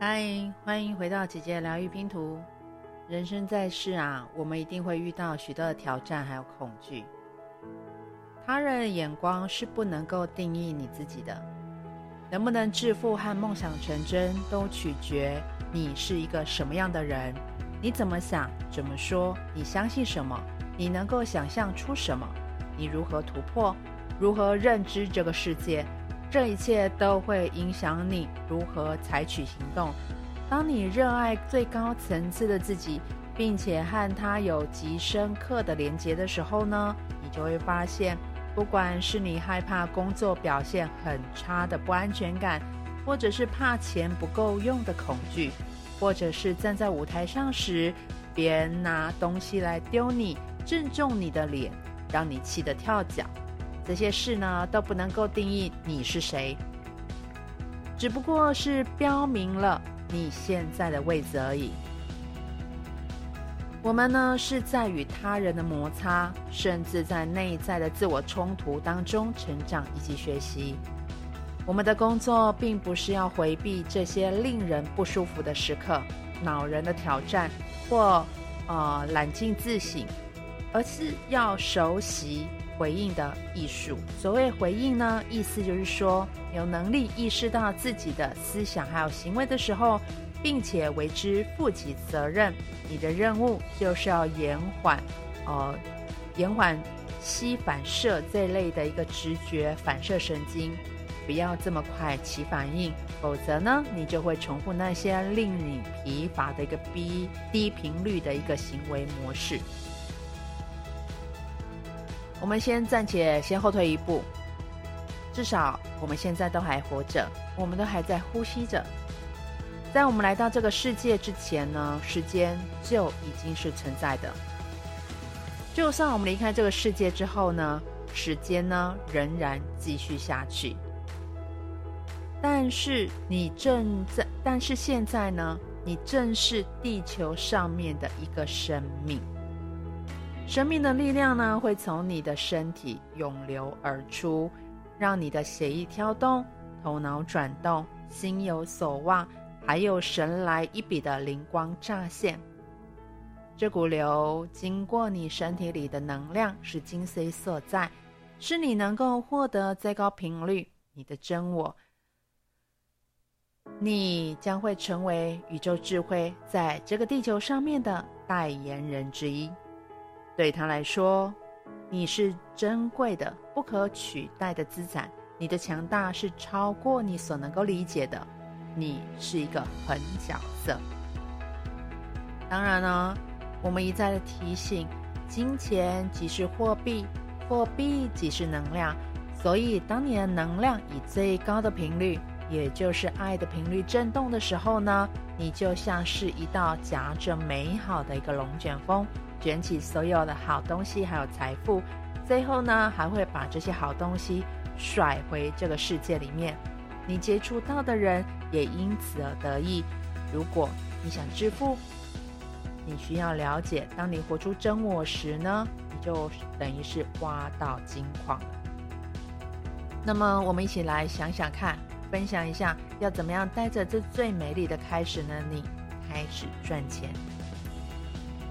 嗨，Hi, 歡迎回到姐姐療癒拼圖。人生在世啊，我們一定會遇到許多的挑戰還有恐懼。他人的眼光是不能夠定義你自己的。能不能致富和夢想成真，都取決你是一個什麼樣的人，你怎麼想、怎麼說、你相信什麼、你能夠想象出什麼、你如何突破、如何認知這個世界。這一切都會影響你如何採取行動。當你熱愛最高層次的自己，並且和他有極深刻的連結的時候呢，你就會發現，不管是你害怕工作表現很差的不安全感，或者是怕錢不夠用的恐懼，或者是站在舞台上時別人拿東西來丟你，正中你的臉，讓你氣得跳腳。這些事呢，都不能夠定義你是誰，只不過是標明了你現在的位置而已。我們呢，是在與他人的摩擦，甚至在內在的自我衝突當中成長以及學習。我們的工作並不是要回避這些令人不舒服的時刻、惱人的挑戰或呃、冷靜自省，而是要熟悉。回應的藝術。所謂回應呢，意思就是說，有能力意識到自己的思想還有行為的時候，並且為之負起責任。你的任務就是要延緩，呃，延緩膝反射這一類的一個直覺反射神經，不要這麼快起反應，否則呢，你就會重複那些令你疲乏的一個低低頻率的一個行為模式。我們先暫且先後退一步，至少我們現在都還活着，我們都還在呼吸着。在我們來到這個世界之前呢，時間就已經是存在的。就算我們離開這個世界之後呢，時間呢仍然繼續下去。但是你正在，但是現在呢，你正是地球上面的一個生命。生命的力量呢，會從你的身體湧流而出，讓你的血液跳動，頭腦轉動，心有所望，還有神來一筆的靈光乍現。這股流經過你身體裡的能量是精髓所在，是你能夠獲得最高頻率，你的真我。你將會成為宇宙智慧在這個地球上面的代言人之一。對他來說，你是珍貴的、不可取代的資產。你的強大是超過你所能夠理解的。你是一個狠角色。當然呢、啊，我們一再的提醒：金錢即是貨幣，貨幣即是能量。所以，當你的能量以最高的頻率，也就是愛的頻率振動的時候呢，你就像是一道夾着美好的一個龍捲風。捲起所有的好東西，還有財富，最後呢，還會把這些好東西甩回這個世界裡面。你接觸到的人也因此而得益。如果你想致富，你需要了解，當你活出真我時呢，你就等於是挖到金礦了。那麼，我們一起來想想看，分享一下要怎麼樣帶着這最美麗的開始呢？你開始賺錢。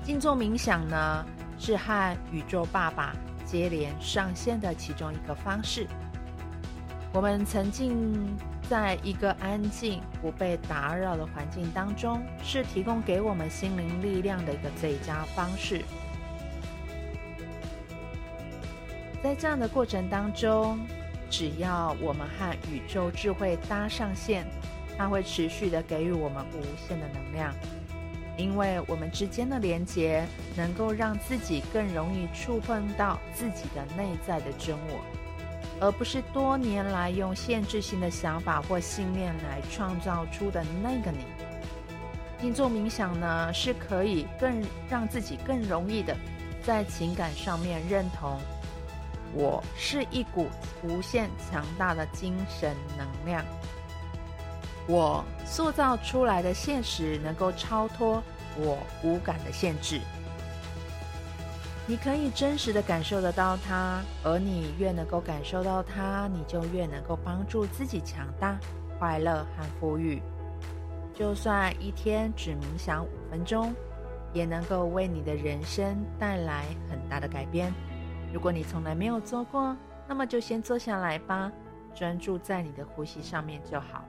靜坐冥想呢，是和宇宙爸爸接連上線的其中一個方式。我們沉浸在一個安靜、不被打擾的環境當中，是提供給我們心靈力量的一個最佳方式。在這樣的過程當中，只要我們和宇宙智慧搭上線，它會持續的給予我們無限的能量。因為我們之間的連結，能夠讓自己更容易觸碰到自己的內在的真我，而不是多年來用限制性的想法或信念來創造出的那個你。靜坐冥想呢，是可以更讓自己更容易的，在情感上面認同，我是一股無限強大的精神能量。我塑造出來的現實能夠超脫我五感的限制。你可以真實地感受得到它，而你越能夠感受到它，你就越能夠幫助自己強大、快樂和富裕。就算一天只冥想五分鐘，也能夠為你的人生帶來很大的改變。如果你從來沒有做過，那麼就先坐下來吧，專注在你的呼吸上面就好。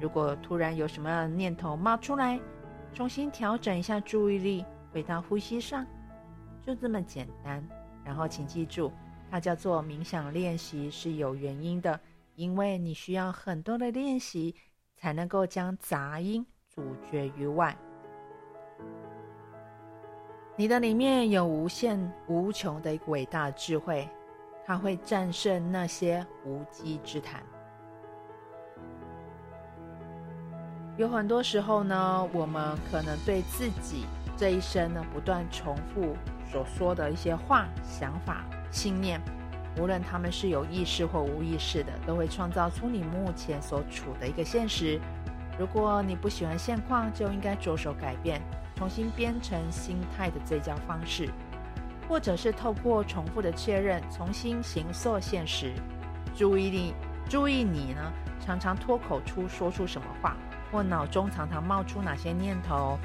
如果突然有什麼念頭冒出來，重新調整一下注意力，回到呼吸上，就這麼簡單。然後請記住，它叫做冥想練習是有原因的，因為你需要很多的練習，才能夠將雜音阻絕於外。你的裡面有無限無窮的偉大的智慧，它會戰勝那些無稽之談。有很多時候呢，我們可能對自己這一生呢不斷重複所說的一些話、想法、信念，無論他們是有意識或無意識的，都會創造出你目前所處的一個現實。如果你不喜歡現況，就應該着手改變，重新編程心態的最佳方式，或者是透過重複的確認，重新形塑現實。注意你，注意你呢，常常脫口出說出什麼話。或腦中常常冒出哪些念頭，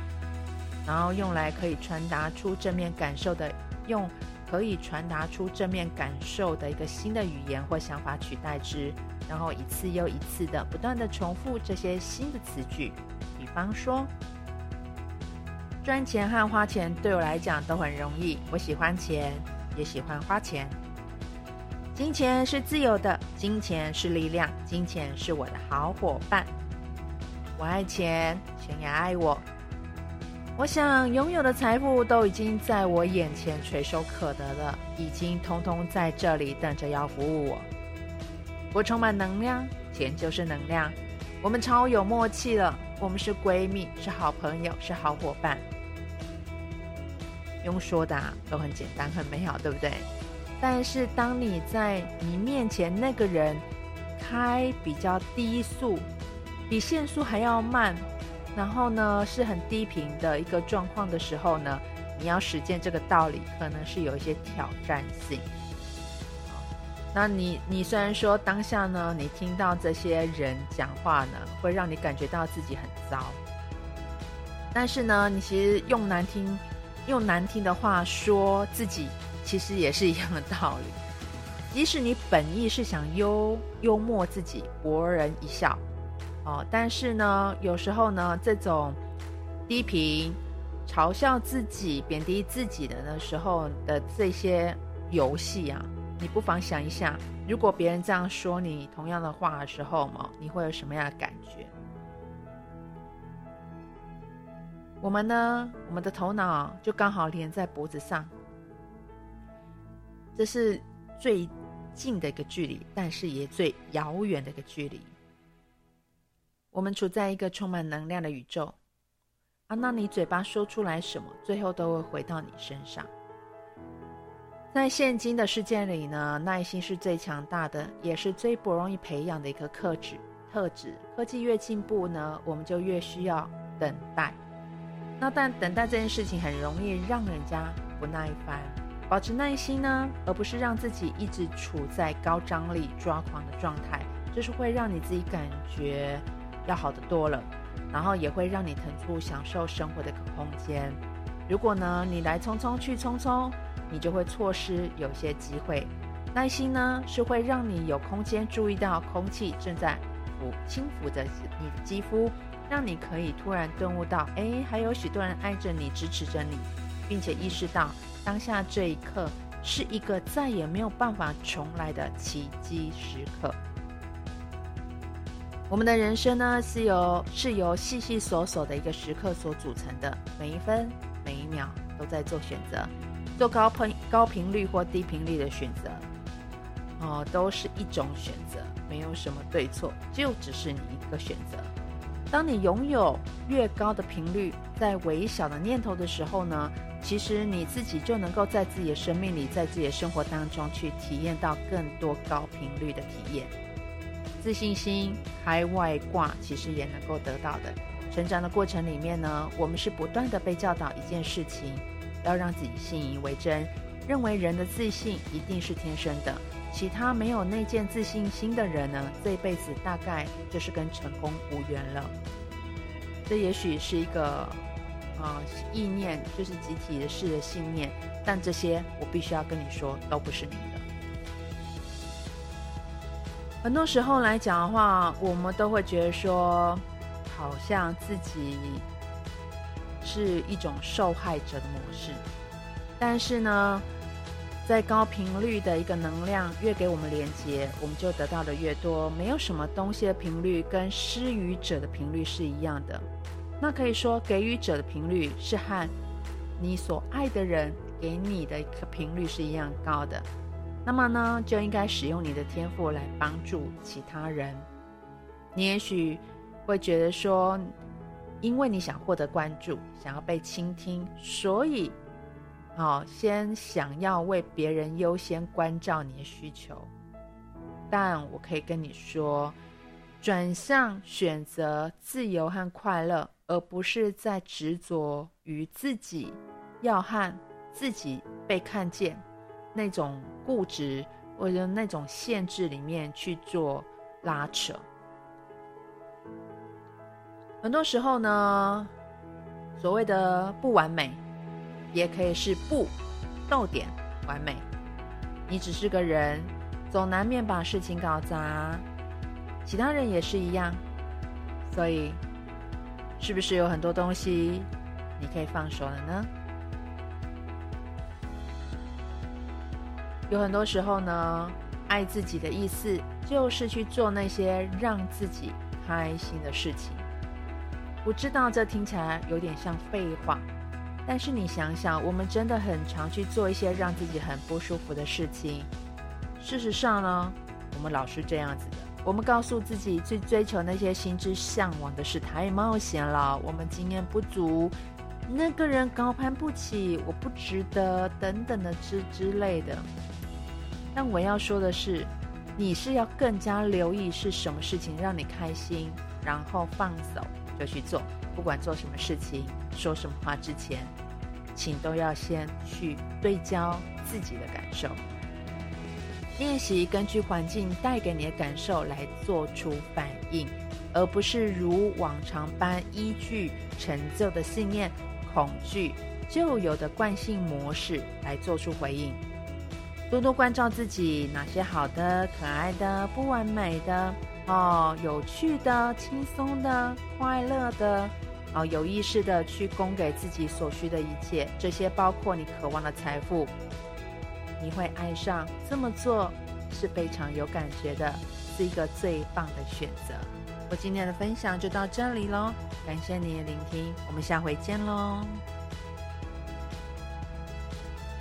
然後用來可以傳達出正面感受的，用可以傳達出正面感受的一個新的語言或想法取代之，然後一次又一次的不斷的重複這些新的詞句。比方說，賺錢和花錢對我來講都很容易，我喜歡錢，也喜歡花錢。金錢是自由的，金錢是力量，金錢是我的好夥伴。我愛錢，錢也愛我。我想擁有的財富都已經在我眼前垂手可得了，已經通通在這裡等着要服務我。我充滿能量，錢就是能量。我們超有默契了，我們是閨蜜，是好朋友，是好夥伴。用說的啊，都很簡單，很美好，對不對？但是當你在你面前那個人開比較低速。比限速還要慢，然後呢，是很低頻的一個狀況的時候呢，你要實踐這個道理，可能是有一些挑戰性。那你你雖然說當下呢，你聽到這些人講話呢，會讓你感覺到自己很糟，但是呢，你其實用難聽用難聽的話說自己，其實也是一樣的道理。即使你本意是想幽幽默自己，博人一笑。哦，但是呢，有時候呢，這種低頻嘲笑自己、貶低自己的時候的這些遊戲啊，你不妨想一下，如果別人這樣說你同樣的話的時候嘛，你會有什麼樣的感覺？我們呢，我們的頭腦就剛好連在脖子上，這是最近的一個距離，但是也最遙遠的一個距離。我們處在一個充滿能量的宇宙啊，那你嘴巴說出來什麼，最後都會回到你身上。在現今的世界裡呢，耐心是最強大的，也是最不容易培養的一個特質特質。科技越進步呢，我們就越需要等待。那但等待這件事情很容易讓人家不耐煩。保持耐心呢，而不是讓自己一直處在高張力、抓狂的狀態，就是會讓你自己感覺。要好得多了，然後也會讓你騰出享受生活的空間。如果呢，你來匆匆去匆匆，你就會錯失有些機會。耐心呢，是會讓你有空間注意到空氣正在撫輕撫着你的肌膚，讓你可以突然頓悟到，哎，還有許多人愛着你，支持着你，並且意識到當下這一刻是一個再也沒有辦法重來的奇蹟時刻。我們的人生呢，是由是由細細瑣瑣的一個時刻所組成的，每一分每一秒都在做選擇，做高頻高頻率或低頻率的選擇，哦，都是一種選擇，沒有什麼對錯，就只是你一個選擇。當你擁有越高的頻率，在微小的念頭的時候呢，其實你自己就能夠在自己的生命裡，在自己的生活當中去體驗到更多高頻率的體驗。自信心開外掛，其實也能夠得到的。成長的過程裡面呢，我們是不斷的被教導一件事情，要讓自己信以為真，認為人的自信一定是天生的。其他沒有內建自信心的人呢，這一輩子大概就是跟成功無緣了。這也許是一個啊、呃、意念，就是集體的事的信念。但這些我必須要跟你說，都不是你。很多時候來講的話，我們都會覺得說，好像自己是一種受害者的模式。但是呢，在高頻率的一個能量越給我們連接，我們就得到的越多。沒有什麼東西的頻率跟施予者的頻率是一樣的。那可以說，給予者的頻率是和你所愛的人給你的一個頻率是一樣高的。那麼呢，就應該使用你的天賦來幫助其他人。你也許會覺得說，因為你想獲得關注，想要被傾聽，所以，好、哦、先想要為別人優先關照你的需求。但我可以跟你說，轉向選擇自由和快樂，而不是在執着於自己，要和自己被看見。那種固執或者那種限制裡面去做拉扯，很多時候呢，所謂的不完美，也可以是不到點完美。你只是個人，總難免把事情搞砸，其他人也是一樣。所以，是不是有很多東西你可以放手了呢？有很多時候呢，愛自己的意思就是去做那些讓自己開心的事情。我知道這聽起來有點像廢話，但是你想想，我們真的很常去做一些讓自己很不舒服的事情。事實上呢，我們老是這樣子的。我們告訴自己去追求那些心之向往的事太冒險了，我們經驗不足，那個人高攀不起，我不值得等等的之之類的。但我要說的是，你是要更加留意是什麼事情讓你開心，然後放手就去做。不管做什麼事情、說什麼話之前，請都要先去對焦自己的感受，練習根據環境帶給你的感受來做出反應，而不是如往常般依據陳舊的信念、恐懼、舊有的慣性模式來做出回應。多多關照自己，哪些好的、可愛的、不完美的、哦，有趣的、輕鬆的、快樂的，哦，有意識的去供給自己所需的一切，這些包括你渴望的財富，你會愛上這麼做，是非常有感覺的，是一個最棒的選擇。我今天的分享就到這裡嘍，感謝你的聆聽，我們下回見嘍。